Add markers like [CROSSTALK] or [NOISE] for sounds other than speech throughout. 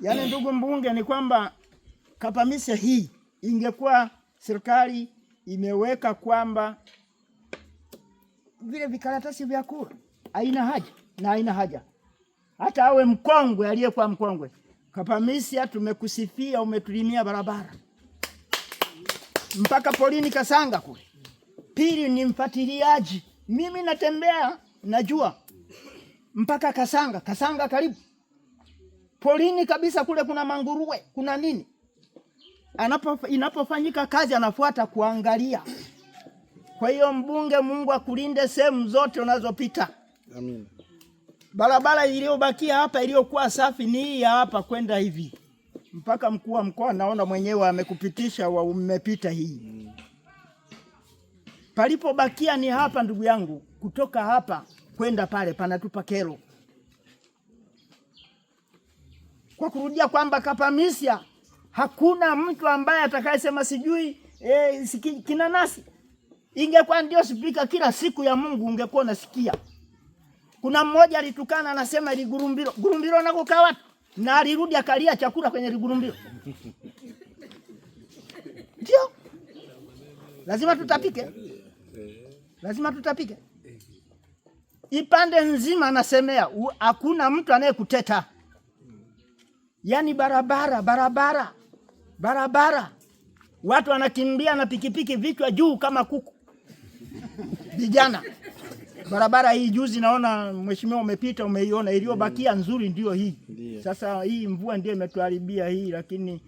Yaani ndugu mbunge, ni kwamba Kapamisa hii ingekuwa serikali imeweka kwamba vile vikaratasi vya kura aina haja na aina haja hata awe mkongwe aliyekuwa mkongwe. Kapamisia, tumekusifia, umetulimia barabara mpaka polini Kasanga kule. Pili ni mfatiliaji, mimi natembea najua mpaka Kasanga, Kasanga karibu Polini kabisa kule kuna manguruwe, kuna nini? Anapo inapofanyika kazi anafuata kuangalia. Kwa hiyo mbunge, Mungu akulinde sehemu zote unazopita. Amina. Barabara iliyobakia hapa iliyokuwa safi ni hii hapa kwenda hivi mpaka mkuu wa mkoa naona mwenyewe amekupitisha wa umepita hii. Palipobakia ni hapa ndugu yangu, kutoka hapa kwenda pale panatupa kero. kwa kurudia kwamba kapamisia hakuna mtu ambaye atakayesema sijui e, kinanasi. Ingekuwa ndio spika kila siku ya Mungu ungekuwa unasikia. Kuna mmoja alitukana anasema ligurumbiro Gurumbiro nako wapi? Na alirudi akalia chakula kwenye ligurumbiro. Ndio. Lazima tutapike. Lazima tutapike. Ipande nzima anasemea hakuna mtu anayekuteta yaani barabara barabara barabara, watu wanakimbia na pikipiki vichwa juu kama kuku vijana barabara hii juzi naona mheshimiwa, umepita umeiona, iliyobakia nzuri ndio hii Ndiye. Sasa hii mvua ndio imetuharibia hii, lakini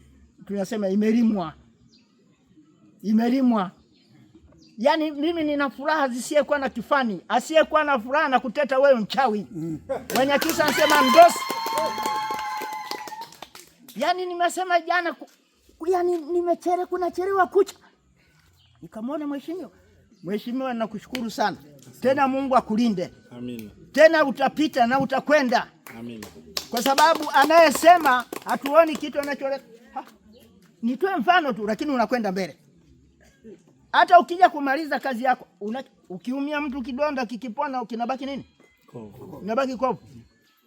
tunasema imelimwa, imelimwa. Yaani mimi nina furaha zisiyekuwa na kifani, asiyekuwa na furaha na kuteta wewe mchawi. Mm. Mwenye kisa anasema ndosi Yaani nimesema jana yaani nimechere kuna kucha. Nikamwona mheshimiwa. Mheshimiwa nakushukuru sana. Tena Mungu akulinde. Amina. Tena utapita na utakwenda. Amina. Kwa sababu anayesema hatuoni kitu anachole. Nitoe mfano tu lakini unakwenda mbele. Hata ukija kumaliza kazi yako una, ukiumia mtu kidonda kikipona kinabaki nini? Kovu. Kinabaki kovu.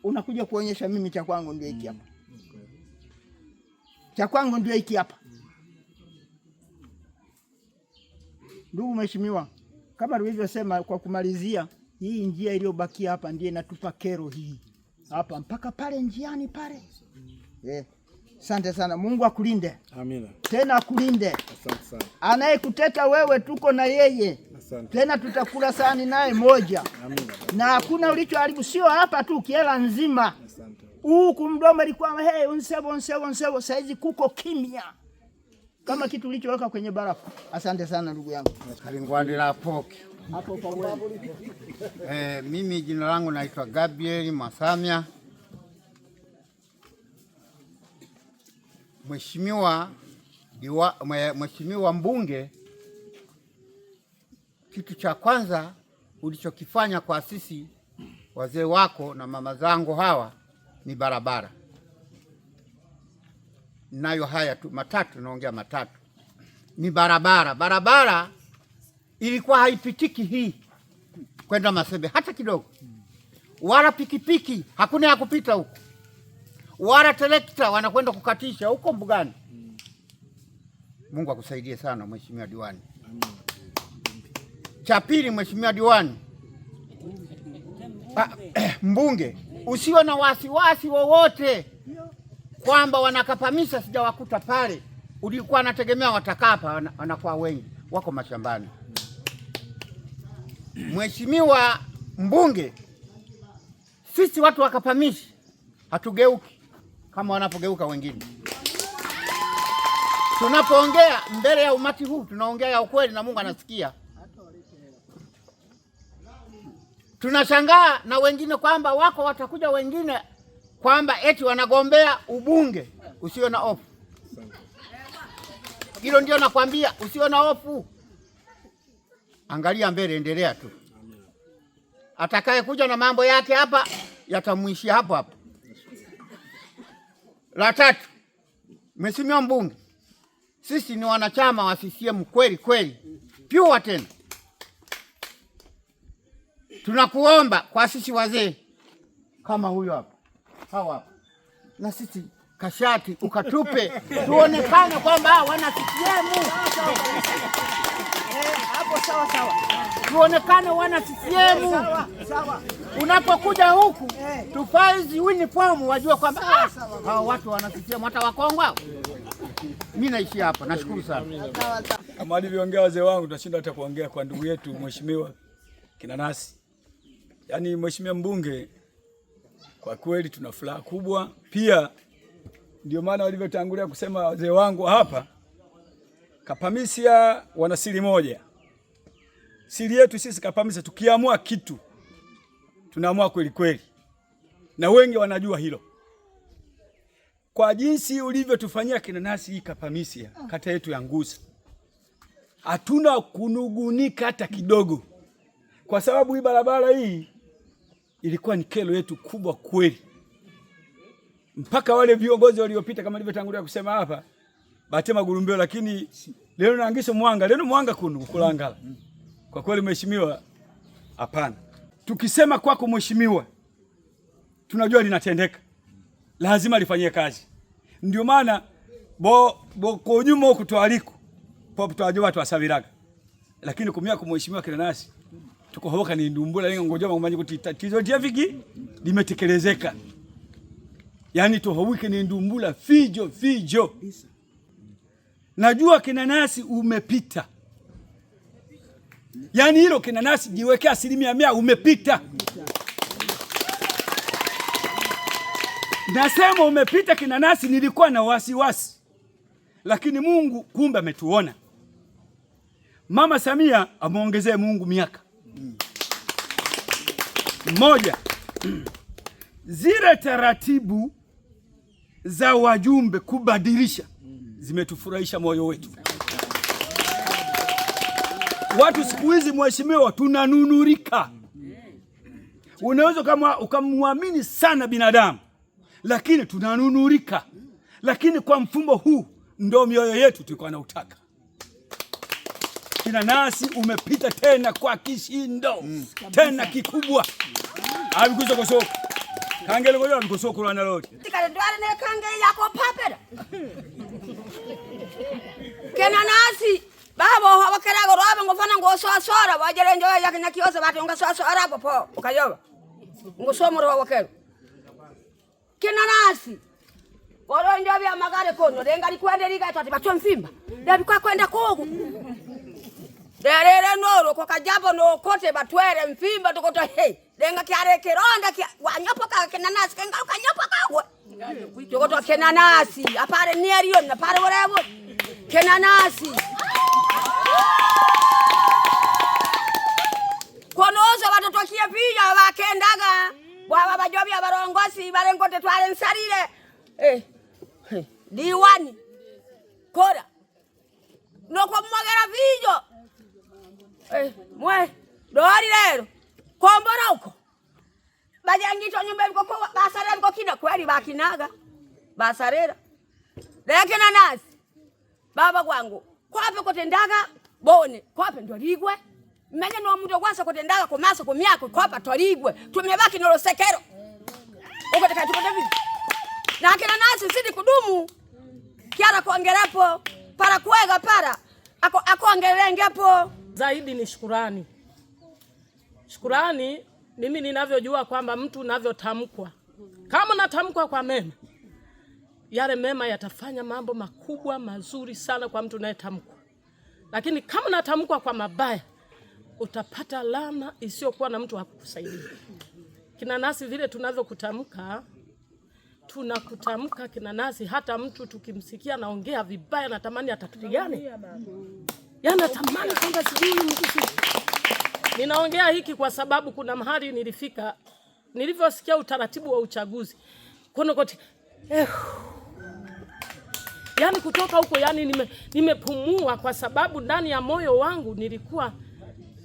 Unakuja kuonyesha mimi cha kwangu ndio hiki hapa. Cha kwangu ndio hiki hapa. Ndugu mheshimiwa, kama tulivyosema kwa kumalizia, hii njia iliyobakia hapa ndiye inatupa kero hii hapa mpaka pale njiani pale. Yeah. sana. Mungu akulinde. Amina. Tena akulinde. Asante sana. Anayekuteta wewe tuko na yeye. Asante. Tena tutakula sahani naye moja. Amina. Na hakuna ulichoharibu, sio hapa tu, Kyela nzima huku Mdoma alikuwa hey, unsebo unsebo unsebo, saizi kuko kimya kama kitu ulichoweka kwenye barafu. Asante sana ndugu yangu Kalingwandila Poki Eh, mimi jina langu naitwa Gabriel Masamia. Mheshimiwa diwa, Mheshimiwa mbunge, kitu cha kwanza ulichokifanya kwa sisi wazee wako na mama zangu hawa ni barabara. Nayo haya tu matatu, naongea matatu, ni barabara. Barabara ilikuwa haipitiki hii kwenda Masebe hata kidogo, wala pikipiki hakuna ya kupita huko, wala telekta wanakwenda kukatisha huko mbugani. Mungu akusaidie sana mheshimiwa diwani. Cha pili, mheshimiwa diwani, ah, [CLEARS THROAT] mbunge usiwe na wasiwasi wowote kwamba wanakapamisa sijawakuta pale. Ulikuwa anategemea watakapa, wanakuwa wengi, wako mashambani. Mheshimiwa mbunge, sisi watu wakapamishi hatugeuki kama wanapogeuka wengine. Tunapoongea mbele ya umati huu tunaongea ya ukweli na Mungu anasikia. Tunashangaa na wengine kwamba wako watakuja wengine kwamba eti wanagombea ubunge. usio na hofu, hilo ndio nakwambia, usio na hofu, angalia mbele, endelea tu. Atakaye kuja na mambo yake hapa yatamwishia hapo hapo. La tatu, mheshimiwa mbunge, sisi ni wanachama wa CCM kweli kweli, pyua tena Tunakuomba kwa sisi wazee kama huyo hapa hawa hapa na sisi kashati ukatupe [LAUGHS] tuonekane kwamba wana CCM hapo. Sawa sawa, tuonekane wana CCM. Unapokuja huku eh. tufaizi uniform, wajua kwamba ah, ah, hawa watu wana CCM, hata wakongwa. Mimi naishi hapa, nashukuru sana. Kama alivyoongea wazee wangu, tunashinda hata kuongea kwa ndugu yetu mheshimiwa Kinanasi Yaani Mheshimiwa Mbunge, kwa kweli tuna furaha kubwa, pia ndio maana walivyotangulia kusema wazee wangu hapa, Kapamisia wana siri moja. Siri yetu sisi Kapamisia, tukiamua kitu tunaamua kweli kweli, na wengi wanajua hilo. Kwa jinsi ulivyotufanyia nasi hii Kapamisia, kata yetu ya Ngusa, hatuna kunugunika hata kidogo, kwa sababu hii barabara hii ilikuwa ni kero yetu kubwa kweli, mpaka wale viongozi waliopita kama nilivyotangulia kusema hapa batema gurumbeo, lakini leo naangisha mwanga leo mwanga kunu kulangala. Kwa kweli mheshimiwa, hapana, tukisema kwako mheshimiwa, tunajua linatendeka, lazima lifanyie kazi. Ndio maana bo, bo kwa nyuma huko twaliko pop twajua lakini kumia kumheshimiwa Kilanasi tuko haka ni dumbula lengo ngoja mangumanye kuti tatizo dia viki limetekelezeka, yani tohowike ni ndumbula fijo fijo. Najua kinanasi umepita, yani hilo kinanasi jiwekea asilimia mia, umepita. Nasema umepita kinanasi, nilikuwa na wasiwasi wasi. Lakini Mungu kumbe ametuona. Mama Samia amwongezee Mungu miaka moja, zile taratibu za wajumbe kubadilisha zimetufurahisha moyo wetu. Watu siku hizi, mheshimiwa, tunanunurika. Unaweza kama ukamwamini sana binadamu, lakini tunanunurika. Lakini kwa mfumo huu ndo mioyo yetu tulikuwa na utaka Kinanasi umepita tena kwa kishindo mm. tena kikubwa abikuza kwa soko kangele kwa kwa soko lana lote tikadwara ne kange yako papera Kinanasi babo wakarago roba ngofana ngoswa swara wajerenjo yake nyakiyose batonga swara swara popo ukayoba ngosomoro wakero Kinanasi Oronjo bya magare kono renga likwende ligata tibatwa mfimba. Dabikwa kwenda kogo rerere norokoka jabo nokote batwere mfimba tokoto hey denga kyare kironda kya wanyapo ka kenanasi kenga kanyapo kagwe tokoto kenanasi apare nieriyo na pare worevo kenanasi konozo batotokie pija bakendaga bwaba bajobya barongosi barengote tware nsarire eh, eh diwani kora nokomwagera vijo Eh, mwe dori lero kombora huko bajangito nyumba ilikoko basarera likokina kweli bakinaga basarera lekina nazi baba kwangu kwape kutendaga bone kwape ndoligwe mmenye no mndu kwasa kutendaga komaso komyako kwapa toligwe tumebaki nolosekero uko takatuko David na akina nazi zidi kudumu kiara kuongerapo para kuega para ako akongelengepo zaidi ni shukurani. Shukurani mimi ninavyojua kwamba mtu unavyotamkwa, kama natamkwa kwa mema, yale mema yatafanya mambo makubwa mazuri sana kwa mtu unayetamkwa, lakini kama natamkwa kwa mabaya, utapata lana isiyokuwa na mtu wa kukusaidia. Kinanasi vile tunavyokutamka tunakutamka kinanasi, hata mtu tukimsikia naongea vibaya, natamani atatupigane yanatamani kwamba sijui Ninaongea hiki kwa sababu kuna mahali nilifika nilivyosikia utaratibu wa uchaguzi. Kuna kote eh. Yaani kutoka huko yani nimepumua nime kwa sababu ndani ya moyo wangu nilikuwa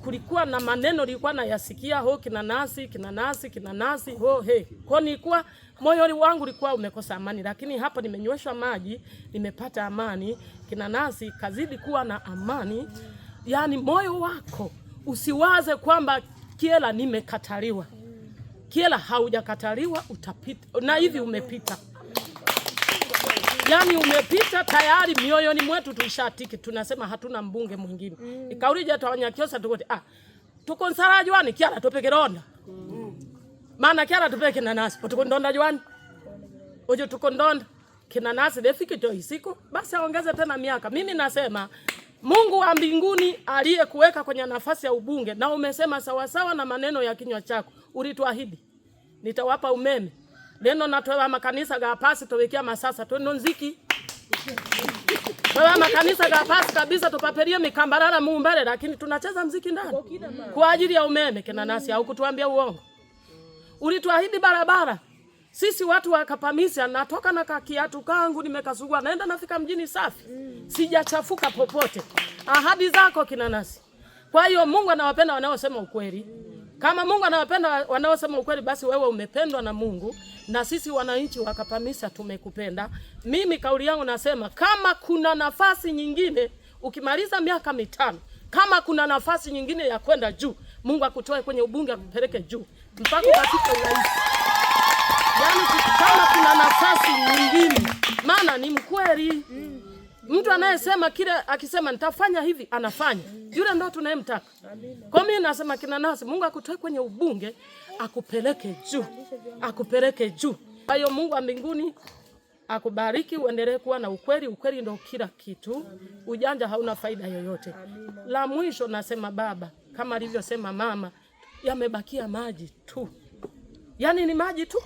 kulikuwa na maneno nilikuwa nayasikia ho kinanasi kinanasi kinanasi ho he ko, nilikuwa moyo wangu ulikuwa umekosa amani, lakini hapa nimenyweshwa maji, nimepata amani. Kinanasi kazidi kuwa na amani. Yani moyo wako usiwaze kwamba kiela nimekataliwa. Kiela haujakataliwa, utapita na hivi umepita yani umepita tayari mioyoni mwetu tuishatiki, tunasema hatuna mbunge mwingine mm. ikaulija twawanyakiosa tukote ah tukonsara juani kiala topekeronda mm. maana kiala tupeke nanasi potukondonda oh, juani ojo tukondonda kinanasi defikito isiku basi aongeze tena miaka. Mimi nasema Mungu wa mbinguni aliyekuweka kwenye nafasi ya ubunge, na umesema sawasawa na maneno ya kinywa chako, ulituahidi nitawapa umeme leno natweba makanisa ga pasi towekia masasa twendo nziki tweba makanisa ga pasi kabisa tupaperie mikambarara muumbere, lakini tunacheza mziki ndani kwa ajili ya umeme. Kina nasi au kutuambia uongo? Ulituahidi barabara sisi watu wa Kapamisi, natoka na kakiatu kangu nimekasugua, naenda nafika mjini safi, sijachafuka popote. Ahadi zako kina nasi. Kwa hiyo Mungu anawapenda wanaosema ukweli. Kama Mungu anawapenda wanaosema ukweli, basi wewe umependwa na Mungu na sisi wananchi wa Kapamisa tumekupenda. Mimi kauli yangu nasema kama kuna nafasi nyingine, ukimaliza miaka mitano, kama kuna nafasi nyingine ya kwenda juu, Mungu akutoe kwenye ubunge akupeleke juu mpaka katika urais. Yaani kama kuna nafasi nyingine, maana ni mkweli mtu anayesema kile akisema nitafanya hivi anafanya, yule ndo tunayemtaka. Kwa mimi nasema kina nasi, Mungu akutoe kwenye ubunge akupeleke juu, akupeleke juu. Kwa hiyo Mungu wa mbinguni akubariki, uendelee kuwa na ukweli. Ukweli ndio kila kitu, ujanja hauna faida yoyote. La mwisho nasema Baba, kama alivyosema mama, yamebakia maji tu, yaani ni maji tu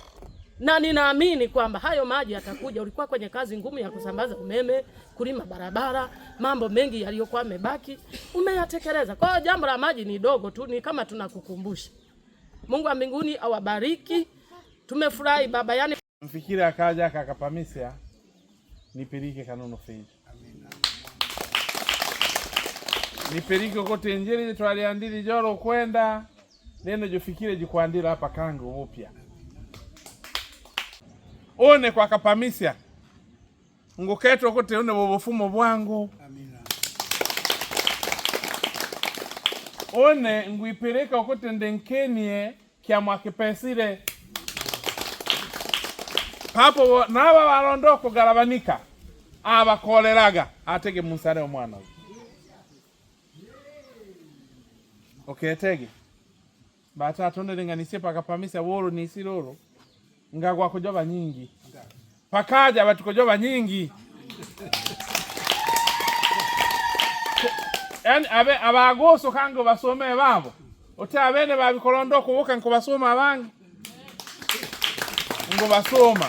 na ninaamini kwamba hayo maji yatakuja. Ulikuwa kwenye kazi ngumu ya kusambaza umeme, kulima barabara, mambo mengi yaliyokuwa yamebaki umeyatekeleza. Kwa hiyo jambo la maji ni dogo tu, ni kama tunakukumbusha. Mungu wa mbinguni awabariki. Tumefurahi baba, yani mfikiri akaja kakapamisia nipelike kanono feji nipelike kote injili twaliandili joro kwenda neno jofikire jikwandila hapa kango upya one kwakapamisya nguketwa kote une bobofumo bwangu Amina. one ngwipeleka ukote ndenkenie kya mwakipesile papo nava valondoa kugalavanika avakolelaga atege musale omwana uketege okay, bata atondelenganisie pakapamisa wolo nisilolo ngagwakujova nyingi pakaja vatukujova nyingi yani abagoso kange basome babo ote abene babikolonda nko basoma abange basoma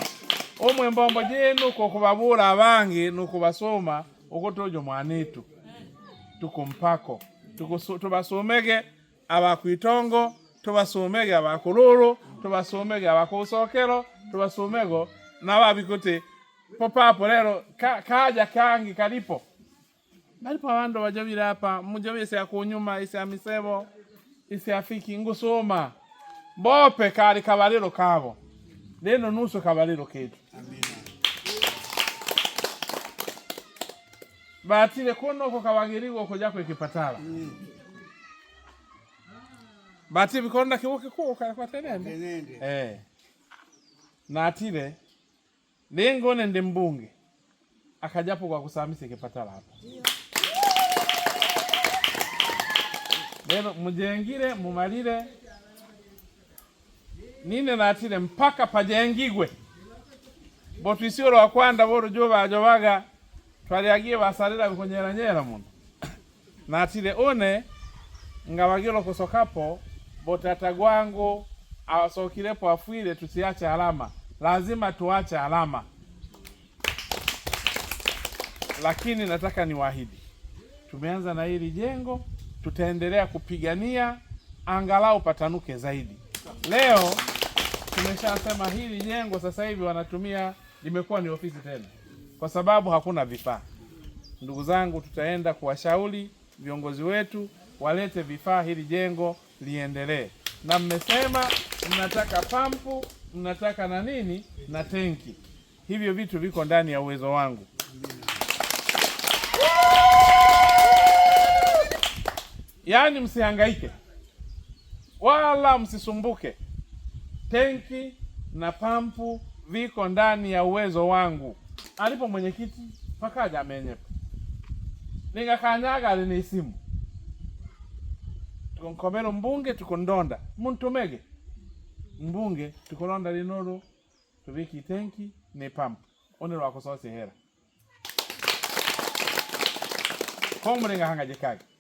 omwe mbombo jenu kokubabuula abange basoma okotojo mwanitu tukumpako tubasomege abakwitongo tubasomege abakululu tubasomege abakusokero tubasomego nababikuti popapo lero kaja kangi kalipo bali pawando wajavira apa mmoja wese akunyuma ise amisebo ise afiki ngusoma bope kali kabalero kabo neno nusu kabalero ketu batile kawagirigo kawagiriwo kojako ikipatala mm. bati bikonda kibuke kuka kwa tenende tenende eh na atile lengo nende mbunge akajapo kwa kusamisa ikipatala hapa yeah. rero mujengire mumalire nine natire mpaka pajengigwe botu isi olo wakwanda bolo jobajobaga twalyagie bikonyeranyera muno [COUGHS] natire one nga bagilo kusokapo botata gwangu asokilepo afwile tusiache alama lazima tuache alama lakini nataka niwaahidi tumeanza na hili jengo tutaendelea kupigania angalau patanuke zaidi. Leo tumeshasema hili jengo sasa hivi wanatumia limekuwa ni ofisi tena, kwa sababu hakuna vifaa. Ndugu zangu, tutaenda kuwashauri viongozi wetu walete vifaa, hili jengo liendelee. Na mmesema mnataka pampu, mnataka na nini na tenki, hivyo vitu viko ndani ya uwezo wangu. Yaani msihangaike wala msisumbuke, tenki na pampu viko ndani ya uwezo wangu. Alipo mwenyekiti pakaja amenyepa, ningakanyaga alinisimu tukonkomero mbunge tukundonda muntumege mbunge tukulonda linolo tuviki tenki ni pampu une lwakusose hera komulinga hangajikage